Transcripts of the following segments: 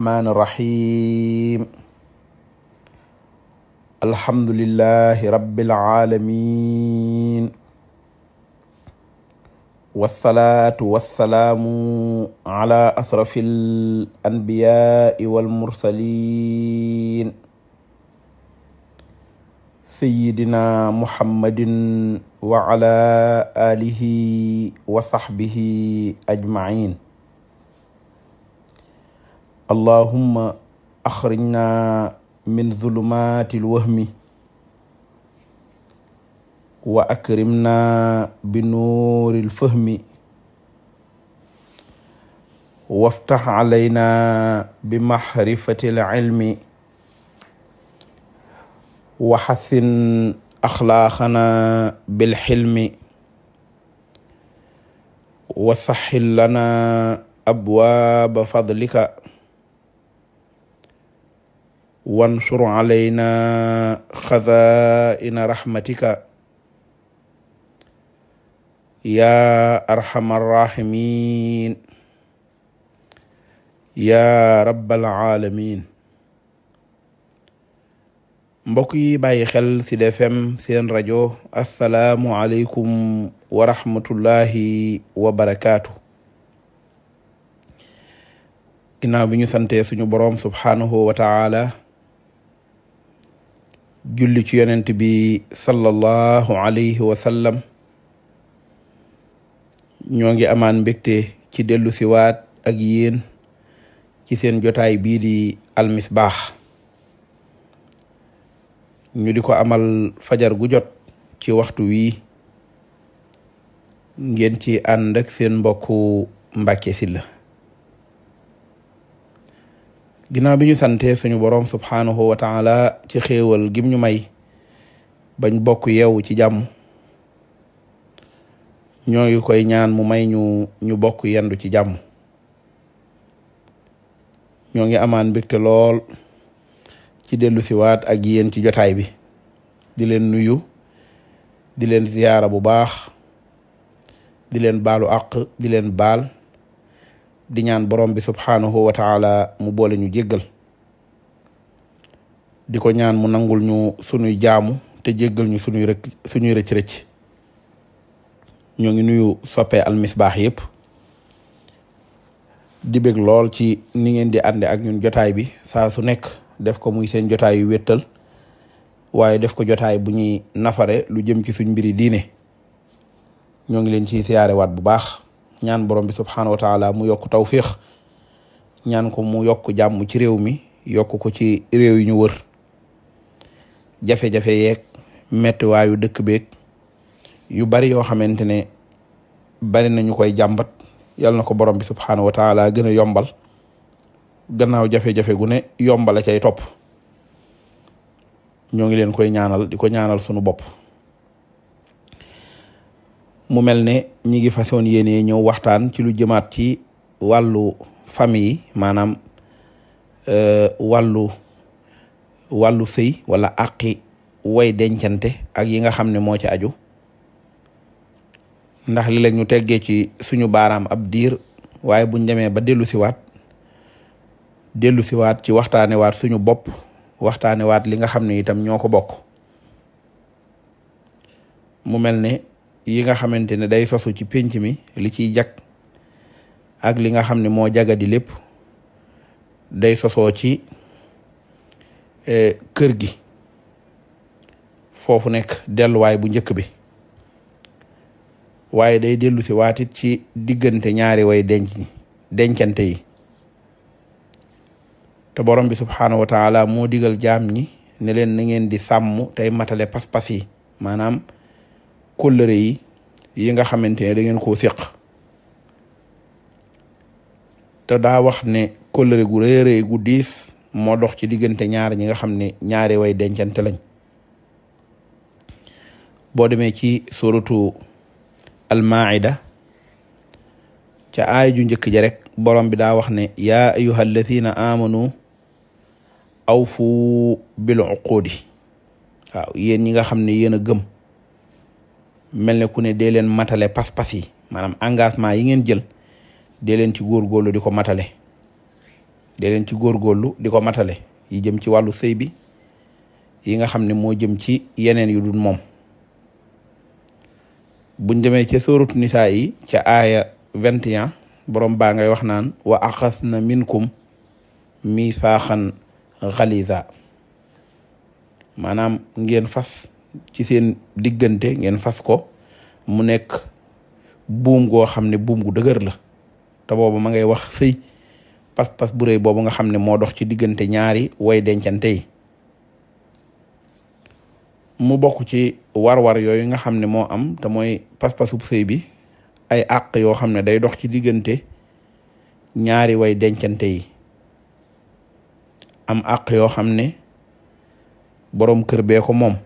الرحمن الرحيم الحمد لله رب العالمين والصلاة والسلام على أشرف الأنبياء والمرسلين سيدنا محمد وعلى آله وصحبه أجمعين allahumma axrijna min zulumaati lwahmi wa akrimna bi nuuri lfahmi waftax alayna bi maxrifati lcilmi wa xasin axlaaqana bilxilmi wa saxil lana abwaaba fadlika wansur alayna xazaina rahmatika yaa arhamar rahimin yaa rabbal alamin mbokk yi bàyyi xel ci Sud seen rajo assalaamu aleykum wa rahmatullahi wa barakaatu ginnaaw bi ñu santee suñu boroom subhaanahu wa julli ci yonent bi sallallahu alayhi wa sallam ñoo ngi amaan mbégte ci dellu siwaat ak yéen ci seen jotaay bii di almisbaax ñu di ko amal fajar gu jot ci waxtu wi ngeen ci ànd seen mbokku Mbàkke Sylla ginaaw bi ñu santee suñu boroom subhaanahu wa taala ci xéewal gim ñu may bañ bokk yeewu ci jàmm ñoo ngi koy ñaan mu may ñu ñu bokk yendu ci jàmm ñoo ngi amaan mbégte lool ci dellu siwaat ak yéen ci jotaay bi di leen nuyu di leen ziyaara bu baax di leen baalu àq di leen baal di ñaan borom bi subhaanahu wa taala mu boole ñu jéggal di ko ñaan mu nangul ñu sunuy jaamu te jéggal ñu sunuy rëcc suñuy rëcc ñoo ngi nuyu soppee almisbaax yëpp di bég lool ci ni ngeen di ànde ak ñun jotaay bi saa su nekk def ko muy seen jotaay yu wéttal waaye def ko jotaay bu ñuy nafare lu jëm ci suñ mbiri diine ñoo ngi leen ciy siyaarewaat bu baax ñaan borom bi subxanahu wa taala mu yokk tawfiix ñaan ko mu yokk jàmm ci réew mi yokk ko ci réew yi ñu wër jafe-jafe yeeg mettiwaayu dëkk beeg yu bari yoo xamante ne bari nañu koy jàmbat yal na ko borom bi subxanahu wa taala gën a yombal gannaaw jafe-jafe gu ne yombal a cay topp ñoo ngi leen koy ñaanal di ko ñaanal sunu bopp. mu mel ne ñi ngi façon yéene ñëw waxtaan ci lu jëmaat ci wàllu famille maanaam euh, wàllu wàllu sëy wala àqi woy dencante ak yi nga xam ne moo ci aju ndax li léeg ñu teggee ci suñu baaraam ab diir waaye buñ demee ba dellu siwaat dellu siwaat ci waxtaane waat suñu bopp waxtaane waat li nga xam ne itam ñoo ko bokk mu mel yi nga xamante ne day sosu ci pénc mi li ciy jag ak li nga xam ne moo jagadi lépp day sosoo ci e, kër gi foofu nekk delluwaay bu njëkk bi waaye day dellu si waatit ci diggante ñaari way denc ñi dencante yi te borom bi subhaanahu wa taala moo digal jaam ñi ne leen na ngeen di sàmm tey matale pas-pas yi kóllëre yi yi nga xamante ne da ngeen koo séq te daa wax ne kóllëre gu réeree gu diis moo dox ci diggante ñaar ñi nga xam ne ñaari way dencante lañ boo demee ci suratu almaida ca aay ju njëkk ja rek borom bi daa wax ne yaa ayuha alladina amanu awfu bil uqudi waaw yéen ñi nga xam ne yéen a gëm mel ne ku ne dee leen matale pas-pas yi maanaam engagement yingeen jël dee leen ci góorgóorlu di ko matale dee leen ci góorgóorlu di ko matale yi jëm ci wàllu sëy bi yi nga xam ne moo jëm ci yeneen yu dul moom buñ demee ca sóoratu nisaa yi ca aaya vingt borom baa ngay wax naan wa axas na minkum mi faaxan xaliza maanaam ngeen fas ci seen diggante ngeen fas ko mu nekk buum goo xam ne buum gu dëgër la te boobu ma ngay wax sëy pas-pas bu rëy boobu nga xam ne moo dox ci diggante ñaari way dencante mu bokk ci war-war yooyu nga xam ne moo am te mooy pas-pasub sëy bi ay àq yoo xam ne day dox ci diggante ñaari way dencante yi am àq yoo xam ne boroom kër beeko moom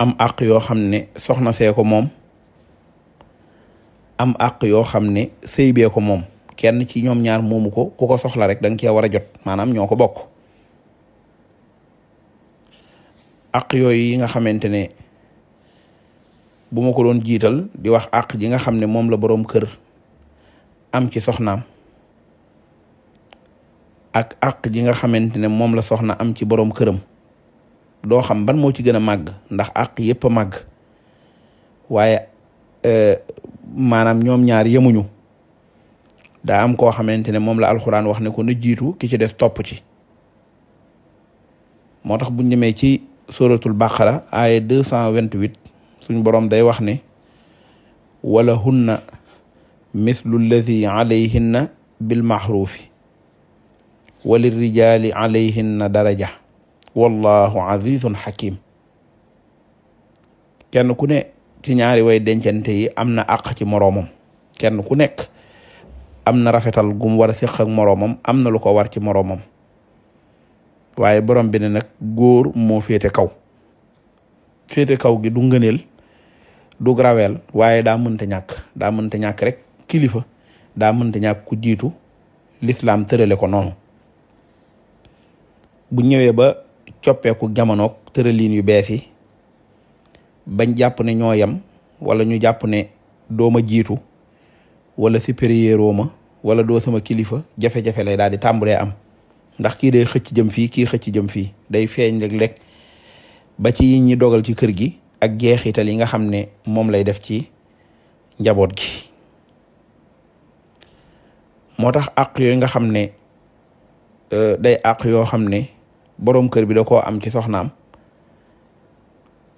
am àq yoo xam ne soxna see ko moom am àq yoo xam ne sëy bee ko moom kenn ci ñoom ñaar moomu ko ku ko soxla rek da nga cee war a jot maanaam ñoo ko bokk àq yooyu yi nga xamante ne bu ma ko doon jiital di wax àq ji nga xam ne moom la boroom kër am ci soxnaam ak àq ji nga xamante ne moom la soxna am ci boroom këram doo xam ban moo ci gën a màgg ndax àq yépp a màgg waaye euh, maanaam ñoom ñaar yemuñu daa am koo xamante ne moom la alxuraan wax ne ko na jiitu ki ci des topp ci moo tax buñ demee ci suratul baqara aaya deux cent vingt-huit suñ borom day wax ne wala hunna mislu llazi alayhinna bil maxruufi walirrijali alayhinna daraja wallahu azizun hakim kenn ku ne ci ñaari way dencante yi am na àq ci moroomam kenn ku nekk am na rafetal gum war a séq ak moroomam am na lu ko war ci moroomam waaye borom bi nag góor moo féete kaw féete kaw gi du ngëneel du graweel waaye daa mënta ñàkk daa mënta ñàkk rek kilifa daa mënta ñàkk ku jiitu l'islam tërale ko noonu bu ñëwee ba coppeeku jamonoog tëraliin yu bees yi bañ jàpp ne ñoo yem wala ñu jàpp ne dooma jiitu wala supérieur ma wala doo sama kilifa jafe-jafe lay daal di tàmbalee am ndax kii day xëcc jëm fii kii xëcc jëm fii day feeñ rek-rek ba ci yi ñi dogal ci kër gi ak jeexital yi nga xam ne moom lay def ci njaboot gi moo tax àq yooyu nga xam ne euh, day àq yoo xam ne borom kër bi da koo am ci soxnaam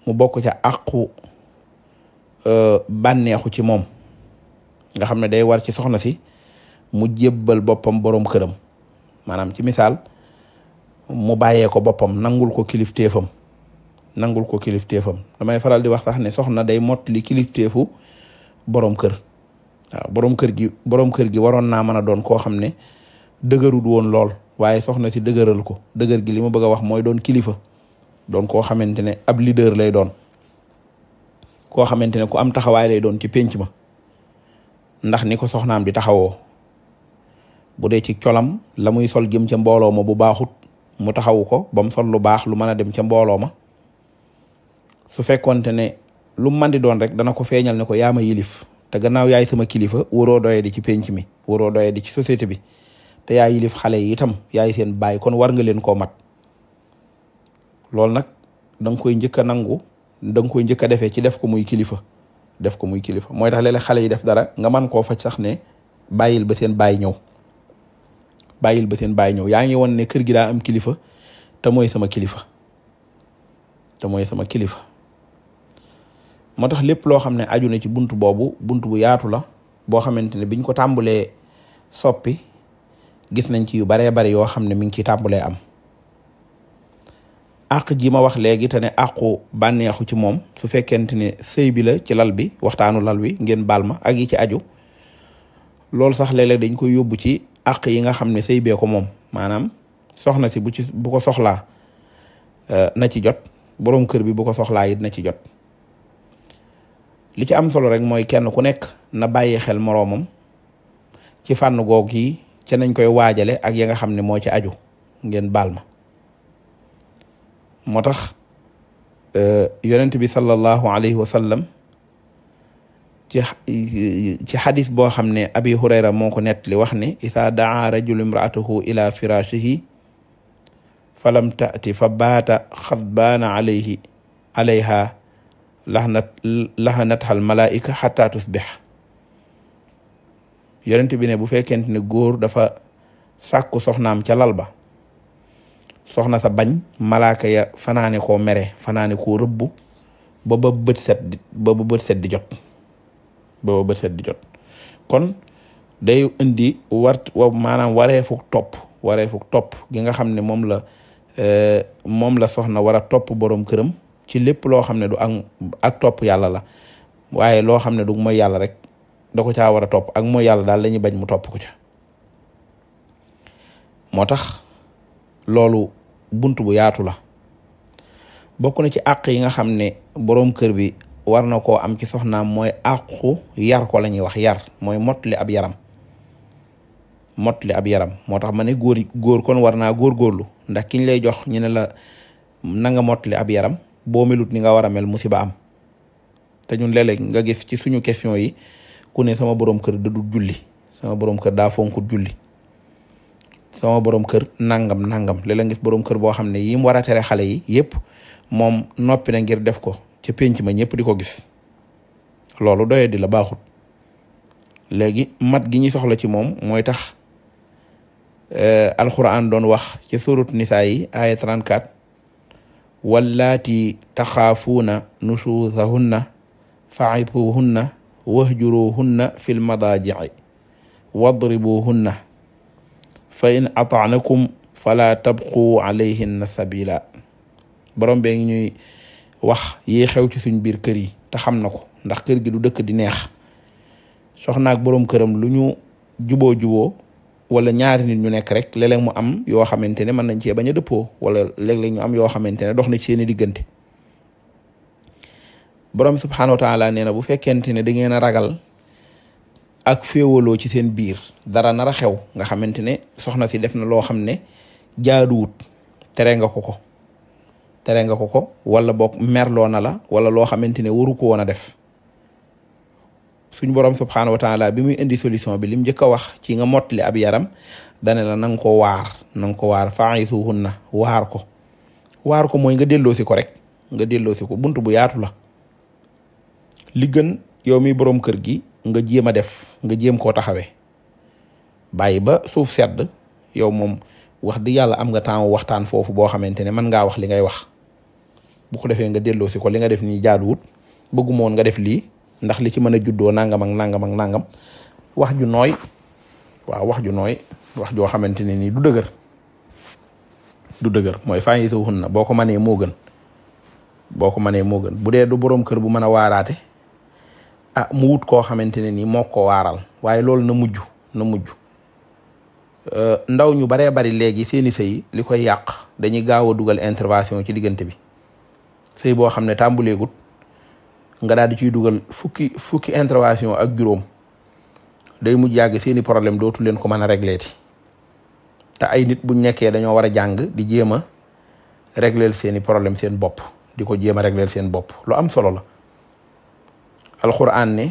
mu bokk ca àqu euh, bànneexu ci moom nga xam ne day war ci soxna si mu jébbal boppam boroom këram maanaam ci misaal mu bàyyee ko boppam nangul ko kilifteefam nangul ko kilifteefam damay faral di wax sax ne soxna day mottali kilifteefu borom kër borom kër gi boroom kër gi waroon naa mën a doon koo xam ne dëgërul woon lool waaye soxna si dëgëral ko dëgër gi li ma bëgg a wax mooy doon kilifa doon koo xamante ne ab leader lay doon koo xamante ne ku am taxawaay lay doon ci pénc ma ndax ni ko soxnaam di taxawoo bu dee ci colam la muy sol jëm ca mbooloo ma bu baaxut mu taxawu ko ba mu sol lu baax lu mën a dem ca mbooloo ma su fekkonte ne lu mu mën di doon rek dana ko feeñal ne ko yaa ma yilif te gannaaw yaay sama kilifa waroo doye di ci pénc mi waroo doye di ci société bi te yaa yilif xale yi itam yaay seen baay kon war nga leen koo mat loolu nag da koy njëkk a nangu da koy njëkk a defee ci def ko muy kilifa def ko muy kilifa mooy tax léeg xale yi def dara nga man koo faj sax ne bàyyil ba seen baay ñëw bàyyil ba seen baay ñëw yaa ngi woon ne kër gi daa am kilifa te mooy sama kilifa te mooy sama kilifa moo tax lépp loo xam ne aju na ci bunt boobu bunt bu yaatu la boo xamante ne biñ ko tàmbulee soppi gis nañ ci yu baree bari yoo xam ne mi ngi ciy tàmbulee am àq ji ma wax léegi tane ne àqu bànneexu ci moom su fekkente ne sëy bi la ci lal bi waxtaanu lal wi ngeen baal ma ak yi ci aju loolu sax léeg dañ koy yóbbu ci àq yi nga xam ne sëy bee moom maanaam soxna si bu ci bu ko soxlaa euh, na ci jot boroom kër bi bu ko soxlaa it na ci jot li ci am solo rek mooy kenn ku nekk na bàyyi xel moroomam ci fànn goog ca koy waajale ak ya nga xam ne moo ci aju ngeen baal ma moo tax euh, yonent bi sallallahu alayhi wa ci xadis boo xam ne abi hurayra moo ko nettali wax ne isaa daa rajulu imraatahu ila firashihi falam taati fa baata xadbaana alayhi alayha laxnat al malaika xata tusbix yonent bi ne bu fekkente ne góor dafa sàkku soxnaam ca lal ba soxna sa bañ malaaka ya fanaane koo mere fanaane koo rëbb ba ba bët set di jot ba ba bët set di jot kon day indi wart wa maanaam wareefuk topp wareefuk topp gi nga xam ne moom la eh, moom la soxna war topp boroom këram ci lépp loo xam ne du ak ak topp yàlla la waaye loo xam ne du mooy yàlla rek da ko caa war a topp ak mooy yàlla daal lañuy bañ mu topp ko ca moo tax loolu bunt bu yaatu la bokk na ci àq yi nga xam ne boroom kër bi war na koo am ci soxnaam mooy àqu yar ko la ñuy wax yar mooy motli ab yaram motli ab yaram moo tax ma ne góor góor kon war naa góorgóorlu ndax kiñ lay jox ñu ne la na nga motli ab yaram boo melut ni nga war a mel musiba am te ñun nga gis ci suñu question yi ku ne sama borom kër da du julli sama borom kër daa fonkut julli sama borom kër nangam nangam léeg-léeg ngis borom kër boo xam ne yi mu war a tere xale yi yëpp moom noppi ngir def ko ci penc ma ñëpp di ko gis loolu doye di la baaxut léegi mat gi ñuy soxla ci moom mooy tax eh, alxuraan doon wax ci surut nisaa yi aya 34 wallaati na nusuusahunna fa'ibuhunna na wahjuruhunna fi lmadaajici wadribuhunna fa in ataanakum fala tabqu alayhinna sabila borom bee ngi ñuy wax yi xew ci suñ biir kër yi te xam na ko ndax kër gi du dëkk di neex soxnaak borom këram lu ñu juboo juboo wala ñaari nit ñu nekk rek léeg mu am yoo xamante ne mën nañ cee bañ dëppoo wala léeg-léeg ñu am yoo xamante ne dox na ci seeni diggante borom subxanahu wa taala nee na bu fekkente ne da ngeen a ragal ak féewaloo ci seen biir dara nar a xew nga xamante ne soxna si def na loo xam ne jaaduwut tere nga ko ko tere nga ko ko wala bok merloo na la wala loo xamante ne waru ko woon a def suñ borom subxanahu wa taala bi muy indi solution bi lim njëkk a wax ci nga mottali ab yaram dane la na nga ko waar na nga ko waar faisuhunna waar ko waar ko mooy nga delloosi ko rek nga delloosi ko bunt bu yaatu la. li gën yow mi boroom kër gi nga jéem a def nga jéem koo taxawee bàyyi ba suuf sedd yow moom wax di yàlla am nga temps waxtaan foofu boo xamante ne mën ngaa wax li ngay wax bu ko defee nga delloo si ko li nga def nii jaaduwut bëgguma woon nga def lii ndax li ci mën a juddoo nangam ak nangam ak nangam wax ju nooy waaw wax ju nooy wax joo xamante ne nii du dëgër du dëgër mooy faa ngi sa na boo ko manee moo gën boo ko mënee moo gën bu dee du boroom kër bu mën a waaraate a ah, mu wut koo xamante ne ni moo ko waaral waaye loolu na mujj na mujj euh, ndaw ñu baree bari léegi seeni sëy li koy yàq dañuy gaaw a dugal intervention ci diggante bi sëy boo xam ne tàmbuleegut nga daal di ciy dugal fukki fukki intervention ak juróom day mujj yàgg seeni problème dootu leen ko mën a régler ti te ay nit bu nekkee dañoo war a jàng di jéem a régler seeni problème seen bopp di ko jéem a régler seen bopp lu am solo la alxuraan ne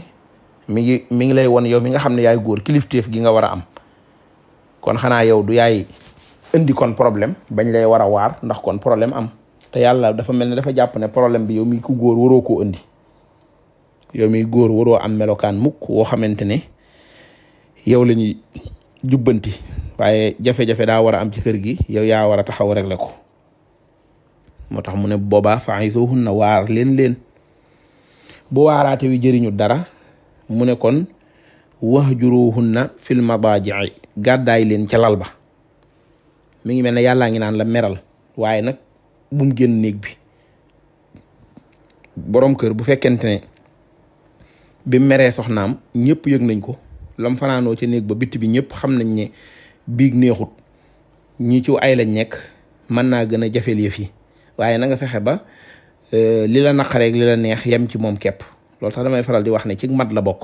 mi ngi mi ngi lay won yow mi nga xam ne yaay góor kilifteef gi nga war a am kon xanaa yow du yaay indi kon problème bañ lay war a waar ndax kon problème am te yàlla dafa mel ne dafa jàpp ne problème bi yow mi ku góor waro koo indi yow mi góor waroo am melokaan muk woo xamante ne yow la jubbanti waaye jafe-jafe daa war a am ci kër gi yow yaa war a taxaw rek la ko moo tax mu ne boobaa fa'izuhunna waar leen leen bu waaraate wi jëriñu dara mu ne kon wahjuruhunna fil madaaji'i gàddaay leen ca lal ba mu ngi mel ne yàllaa ngi naan la meral waaye nag bum génn néeg bi boroom kër bu fekkente ne bi meree soxnaam ñëpp yëg nañ ko lom fanaanoo ca néeg ba biti bi ñëpp xam nañ ne biig neexut ñi ci ay lañ nekk mën naa gën a jafeel yëf yi waaye na fexe ba Euh, li la naqareeg li neex yem ci moom képp loolu tax damay faral di wax ne ci mat la bokk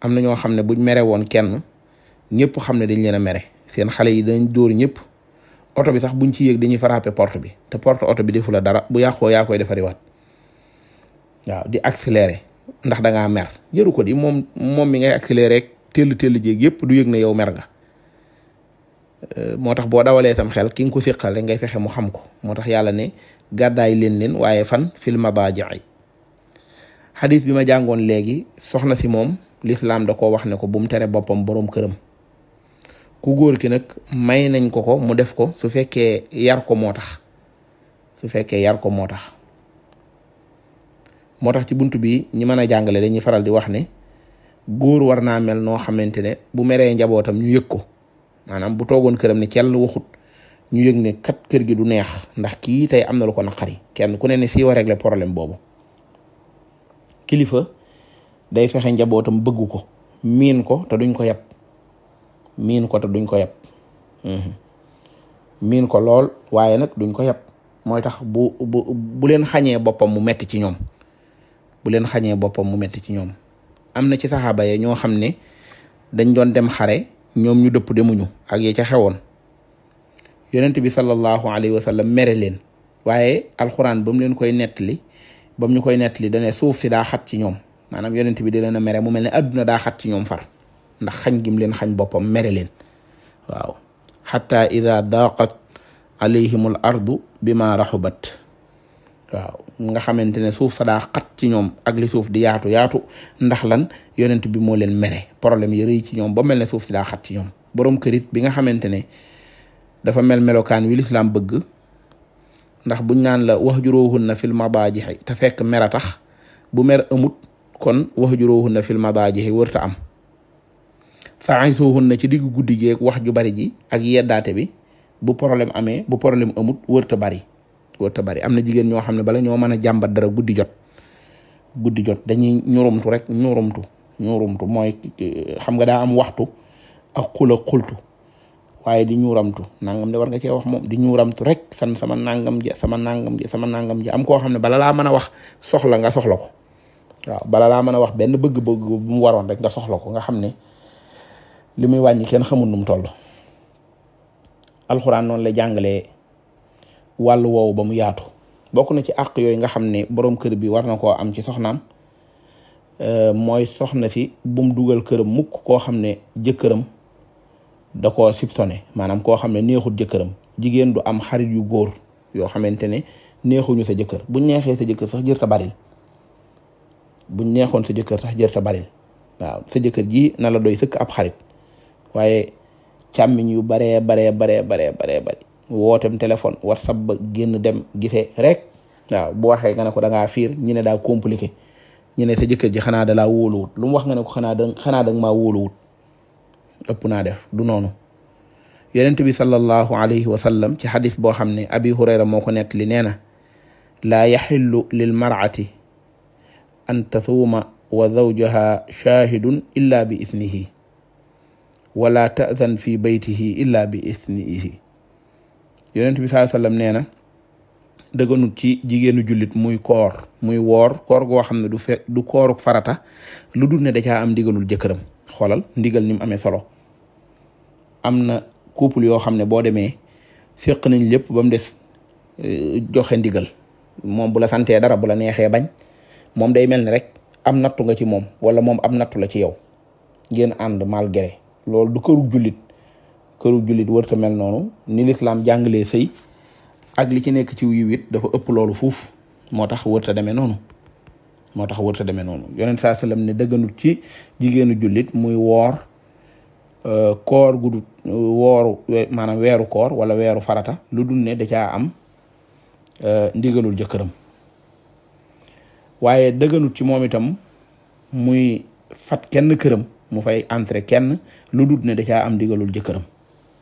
am na ñoo xam ne buñ mere woon kenn ñëpp xam ne dañ leen a mere seen xale yi dañ dóor ñëpp oto bi sax buñ ci yéeg dañuy faraape porte bi te porte oto bi defula dara bu yàqoo yaa koy defariwaat waaw di accéléré ndax da ngaa mer jëru ko di moom moom mi ngay accéléré rek teel teel jéeg yëpp du yëg ne yow mer nga. Euh, moo tax boo dawalee sam xel ki nga ko siqal rek ngay fexe mu xam ko moo tax yàlla ne gàddaay leen leen waaye fan fil mabaaji'i xadis bi ma jàngoon léegi soxna si moom lislaam da koo wax ne ko bu mu tere boppam boroom këram ku góor ki nag may nañ ko ko mu def ko su fekkee yar ko moo tax su fekkee yar ko moo tax moo tax ci bunt bi ñi mën a jàngale dañuy faral di wax ne góor war naa mel noo xamante ne bu meree njabootam ñu yëg ko maanaam bu toogoon këram ne cell waxut ñu yëg ne kat kër gi du neex ndax kii tey am na lu ko naqari kenn ku ne ne fii war a régler boobu kilifa day fexe njabootam bëgg ko miin ko te duñ ko yab miin ko duñ ko yab mhm. miin ko lool waaye nag duñ ko yab mooy tax bu bu bu xañee boppam mu metti ci ñoom bu leen xañee boppam mu metti ci ñoom am na ci saxaaba yi ñoo xam ne dañ doon dem xare ñoom ñu dëpp demuñu ak ya ca xewoon yonent bi sallallahu alayhi wa sallam mere leen waaye alxuraan ba leen koy nettali ba ñu koy nettali dane suuf si daa xat ci ñoom maanaam yonent bi di leen mere mu mel ne adduna daa xat ci ñoom far ndax xañ gim leen xañ boppam mere leen waaw xata ida daqat alayhim al ardu bima raxubat waaw nga xamante ne suuf sa daa xat ci ñoom ak li suuf di yaatu yaatu ndax lan yonent bi moo leen mere problème yi rëy ci ñoom ba mel ne suuf si daa xat ci ñoom borom kërit bi nga xamante ne dafa mel melokaan wi lislaam bëgg ndax buñ naan la na wahjuruhunna fil mabaaji'i te fekk mer a tax bu mer amut kon wahjuruhunna fil mabaaji'i wërta am na ci diggu guddi gi ak wax ju bari ji ak yeddaate bi bu problème amee bu problème amut wërta bari góor te bari am na jigéen ñoo xam ne bala ñoo mën a jàmbat dara guddi jot guddi jot dañuy ñurumtu rek ñurumtu ñurumtu mooy xam nga daa am waxtu ak xultu waaye di ñuuramtu nangam de war nga cee wax moom di ñuuramtu rek san sama nangam ji sama nangam ji sama nangam ji am koo xam ne bala laa mën a wax soxla nga soxla ko waaw bala laa mën a wax benn bëgg-bëgg bu mu waroon rek nga soxla ko nga xam ne li muy wàññi kenn xamul nu mu toll alxuraan noonu la jàngalee wàllu woowu ba mu yaatu bokk na ci àq yooyu nga xam ne borom kër bi war na koo am ci soxnaam euh, mooy soxna si bum dugal këram mukk koo xam ne jëkkëram da koo siptone maanaam koo xam ne neexut jëkkëram jigéen du am xarit yu góor yoo xamante ne neexuñu sa jëkkër buñ neexee sa jëkkër sax jërta ta baril buñ neexoon sa jëkkër sax jër ta baril waaw sa jëkkër ji nala doy sëkk ab xarit waaye càmmiñ yu baree baree baree baree baree bari wootem téléphone whatsapp ba génn dem gisee rek waaw bu waxee nga ne ko da fiir ñu ne daa compliqué ñu ne sa jëkkër ji xanaa da laa lu wax nga ne ko xanaa da xanaa da nga maa wóoluwut ëpp naa def du noonu yonent bi sallallahu alayhi wa sallam boo xam ne abi moo ko nettali nee na laa yaxillu lil mar'ati an tasuuma wa zawjaha shaahidun illa bi isnihi wala ta'zan fi baytihi illa bi isnihi yonent bi sallallahu alayhi wasallam nee na dëgganut ci jigéenu jullit muy koor muy woor koor goo xam ne du fe du kooruk farata lu dul ne da caa am ndigalul jëkkëram xoolal ndigal ni mu amee solo am na couple yoo xam ne boo demee séq nañ lépp ba mu des euh, joxe ndigal moom bu la santee dara bu la neexee bañ moom day mel ni rek am nattu nga ci moom wala moom am nattu la ci yow ngeen ànd malgré loolu du këru jullit këru jullit wërta mel noonu ni lislaam jàngalee sëy ak li ci nekk ci yiw it dafa ëpp loolu fuuf moo tax wërta demee noonu moo tax wërta demee noonu yonent saa sallam ne dëgganut ci jigéenu jullit muy woor euh, koor gudut wooru maanaam weeru koor wala weeru farata lu dul ne da caa am euh, ndigalul jëkkëram waaye dëgganut ci moom itam muy fat kenn këram mu fay entrer kenn lu dul ne da caa am ndigalul jëkkëram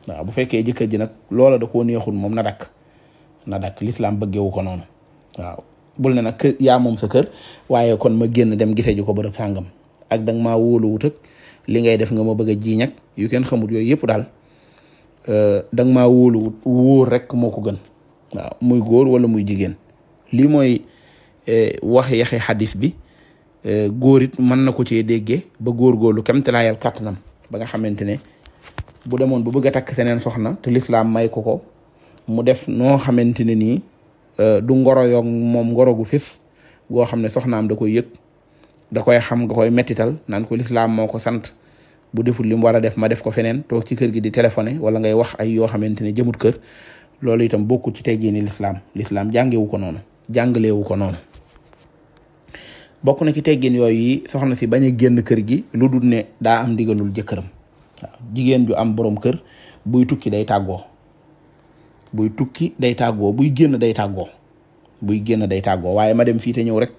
waaw bu fekkee jëkkër ji nag loola da koo neexul moom na dakk na dakk lislaam bëggewu ko noonu waaw bul ne nag kër yaa moom sa kër waaye kon ma génn dem gisee ji ba bërëb sàngam ak danga maa wóoluwut ak li ngay def nga ma bëgg a jiiñ ak yu kenn xamut yooyu yëpp daal euh, danga maa wóoluwut wóor rek moo ko gën waaw muy góor wala muy jigéen lii mooy euh, wax yaxe xadis bi euh, góor it mën na ko cee déggee ba góor góorlu kam te laayal ba nga xamante ne bu demoon bu bëgg a takk seneen soxna te lislaam may ko ko mu def noo xamante ne nii euh, du ngoro yoog moom ngoro gu fis goo xam ne soxnaam da koy yëg da koy xam nga koy mettital naan ko lislaam moo ko sant bu deful li mu war a def ma def ko feneen toog ci kër gi di téléphoné wala ngay wax ay yoo xamante ne jëmut kër loolu itam bokkul ci tey jii lislaam lislaam jàngewu ko noonu jàngalewu ko noonu na ci teggin yooyu soxna si bañ a génn kër gi lu dul ne daa am ndigalul jëkkëram jigéen ju am boroom kër buy tukki day tàggoo buy tukki day tàggoo buy génn day tàggoo buy génn day tàggoo waaye ma dem fii te ñëw rek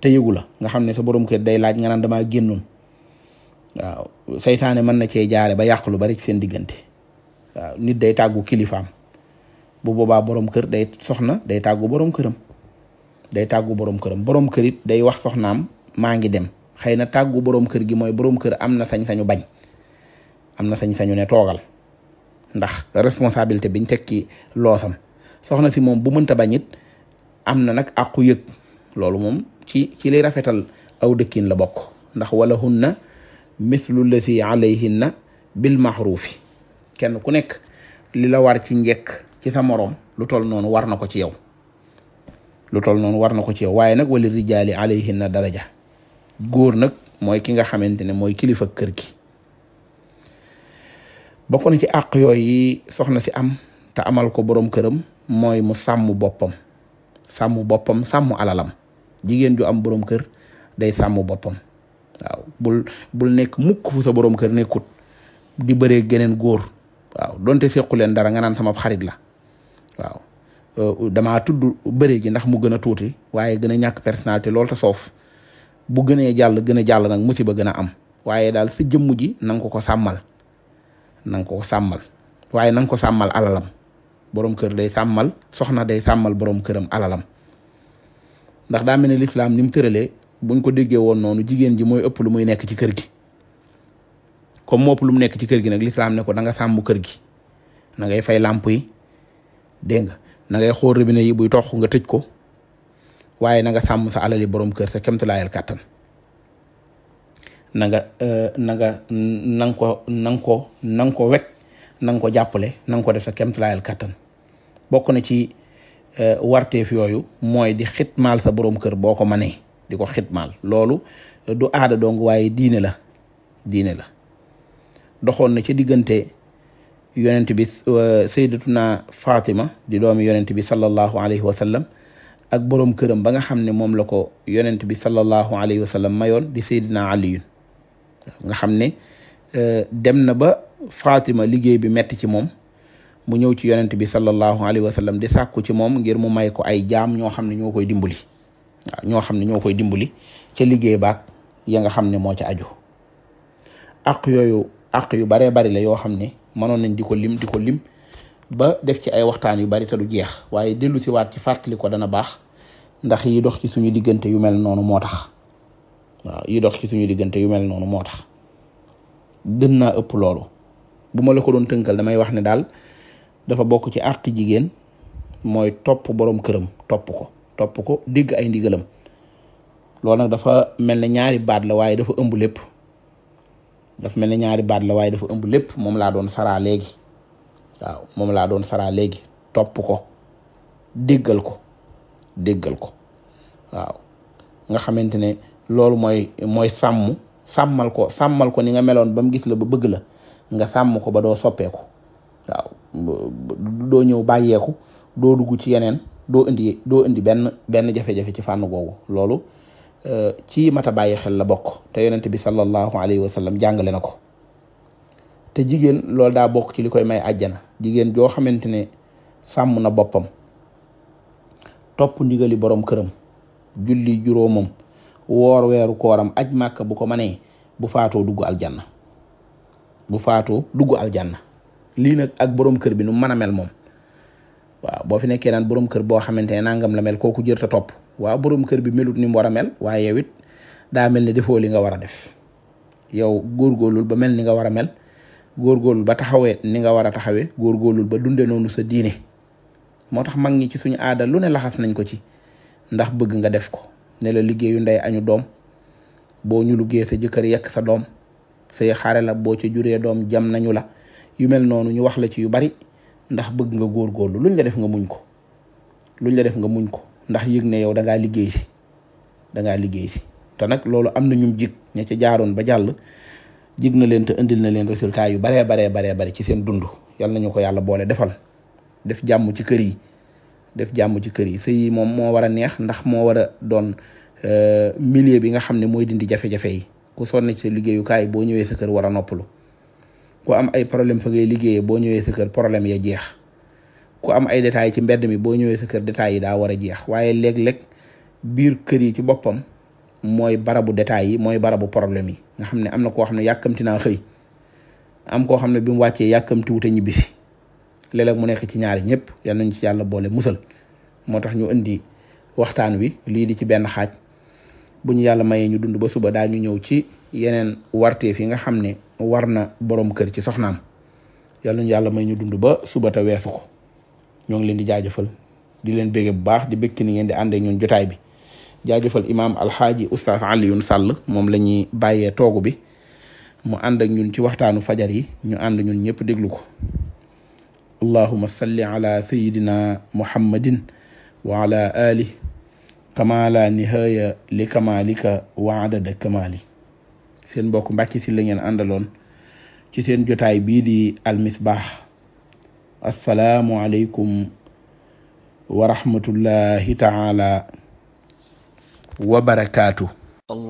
te yëgu la nga xam ne sa borom kër day laaj nga naan damaa génnoon waaw saytaane mën na cee jaare ba yàq lu bari ci seen diggante nit day tàggu kilifaam bu boobaa boroom kër day soxna day tàggu boroom këram day tàggu boroom këram boroom kërit day wax soxnaam maa ngi dem xëy na tàggu boroom kër gi mooy boroom kër am na sañ-sañu bañ. am na sañ-sañu ne toogal ndax responsabilité biñ teg ci loosam soxna si moom bu mënta bañ it am na nag àqu yëg loolu moom ci ci liy rafetal aw la bokk ndax wala hunna mislu lasi alayhinna bil maxruufi kenn ku nekk li la war ci njekk ci sa moroom lu tol noonu war na ko ci yow lu tol noonu war na ko ci yow waaye nag wali rijaali alayhinna daraja góor nag mooy ki nga xamante ne mooy kilifa kër gi bokk na ci àq yooyu soxna si am te amal ko boroom këram mooy mu sàmm boppam sàmm boppam sàmm alalam jigéen ju am boroom kër day sàmm boppam waaw bul nekk mukk fu sa boroom kër nekkut di bëree geneen góor waaw donte sequ leen dara nga naan sama xarit la waaw uh, damaa tudd bëree gi ndax mu gën a tuuti waaye gën a ñàkk personnalité lool te soof bu gënee jàll gën a jàll nag musiba gën a am waaye daal si jëmm ji na ko ko sàmmal nanga ko sàmmal waaye nanga nga ko sàmmal alalam boroom kër day sàmmal soxna day sàmmal boroom këram alalam ndax daa mel ne lislaam ni mu tëralee buñ ko déggee woon noonu jigéen ji mooy ëpp lu muy nekk ci kër gi comme moo lu mu nekk ci kër gi nag lislaam ne ko danga sàmm kër gi na ngay fay làmp yi dégg nga nangay ngay xool robinet yi buy toq nga tëj ko waaye na nga sàmm sa alali borom kër sa kemtalaayal kàttan nanga euh, nga na nga ko na ko na ko wekk na ko jàppale na nga ko def sa kemtalaayal kàttan bokk na ci euh, warteef yooyu mooy di xitmaal sa borom kër boo ko mënee di ko xitmaal loolu euh, du aada dong waaye diine la diine la doxoon na ci diggante yonent bi sayyidatuna Fatima di doomi yonent bi sallallahu alayhi wa sallam ak borom këram ba nga xam ne moom la ko yonent bi sallallahu alayhi wa sallam mayoon di sayyidina Aliyun nga xam ne euh, dem na ba Fatima liggéey bi metti ci moom mu ñëw ci yonent bi sallallahu alayhi wa sallam di sàkku ci moom ngir mu may ko ay jaam ñoo xam ne ñoo koy dimbali waaw ñoo xam ne ñoo koy dimbali ca liggéey baag ya nga xam ne moo ca aju ak yooyu ak yu baree bari la yoo xam ne mënoon nañ di ko lim di ko lim ba def ci ay waxtaan yu bari te du jeex waaye dellu si waat ci fàttali ko dana baax ndax yi dox ci suñu diggante yu mel noonu moo tax waaw yi dox ci suñu diggante yu mel noonu moo tax gën naa ëpp loolu bu ma la ko doon tënkal damay wax ne daal dafa bokk ci àq jigéen mooy topp boroom këram topp ko topp ko dégg ay ndigalam loolu nag dafa mel ne ñaari baat la waaye dafa ëmb lépp dafa mel ne ñaari baat la waaye dafa ëmb lépp moom laa doon sara léegi waaw moom laa doon sara léegi topp ko déggal ko déggal ko waaw nga xamante loolu mooy mooy sàmm sàmmal ko sàmmal ko ni nga meloon ba mu gis la ba bëgg la nga sàmm ko ba doo soppeeku waaw doo ñëw bàyyeeku doo dugg ci yeneen doo indi doo indi benn benn jafe-jafe ci fànn googu loolu euh, ci mat a bàyyi xel la bokk te yonent bi sallallahu alayhi wa sallam jàngale na ko te jigéen loolu daa bokk ci li koy may àjjana jigéen joo xamante ne sàmm na boppam topp ndigali boroom këram julli juróomam woor weeru kooram aj màkk bu ko manee bu faatoo dugg aljanna bu faatoo dugg aljanna lii nag ak borom kër bi nu mën a mel moom waaw boo fi nekkee naan borom kër boo xamante ne nangam la mel kooku jër ta topp waaw borom kër bi melut ni mu war a mel waaye yow it daa mel ne defoo li nga war a def yow góorgóorlul ba mel ni nga war a mel góorgóorlul ba taxawee ni nga war a taxawee góorgóorlul ba dunde noonu sa diine moo tax mag ñi ci suñu aada lu ne laxas nañ ko ci ndax bëgg nga def ko ne liggéeyu ndey añu doom boo ñu liggéey sa jëkkër yekk sa doom say xaare la boo ci juree doom jam nañu la yu mel noonu ñu wax la ci yu bari ndax bëgg nga góorgóorlu luñ la def nga muñ ko luñ la def nga muñ ko ndax yëg ne yow dangaa liggéey si dangaa liggéey si te nag loolu am na ñum jig ñu ci jaaroon ba jàll jig na leen te indil na leen résultat yu baree baree baree bari ci seen dund yal nañu ko yàlla boole defal def jàmm ci kër yi def jàmm ci kër yi sëy yi moom moo war a neex ndax moo war a doon euh, milieu bi nga xam ne mooy dindi jafe-jafe yi ku sonn ci sa liggéeyukaay boo ñëwee sa kër war a noppalu ku am ay problème fa ngay liggéeyee boo ñëwee sa kër problème ya jeex ku am ay détails ci mbedd mi boo ñëwee sa kër détails yi daa war a jeex waaye léeg-léeg biir kër yi ci boppam mooy barabu détails yi mooy barabu problème yi nga xam ne am na koo xam ne yàkkamti naa xëy am koo xam ne bi mu wàccee yàkkamti wute ñibbisi léeg mu nekk ci ñaari ñëpp yal nañ ci yàlla boole musal moo tax ñu indi waxtaan wi lii di ci benn xaaj bu ñu yàlla mayee ñu dund ba suba daa ñu ñëw ci yeneen warteef yi nga xam ne war na borom kër ci soxnaam yal yàlla may ñu dund ba suba te weesu ko ñoo ngi leen di jaajëfal di leen bége bu baax di békki ni ngeen di ànd ak ñun jotaay bi jaajëfal imaam alxaaji oustaz Alioune Sall moom la ñuy bàyyee toogu bi mu ànd ak ñun ci waxtaanu fajar yi ñu ànd ñun ñépp déglu ko allahuma salli ala sayidina muhammadin wa ala ali kama la nihaya li kamalika wa adada kamali seen mbokk Mbàkke Sylla ngeen àndaloon ci seen jotaay bii di almisbaax assalaamu aleykum wa rahmatullahi taala wa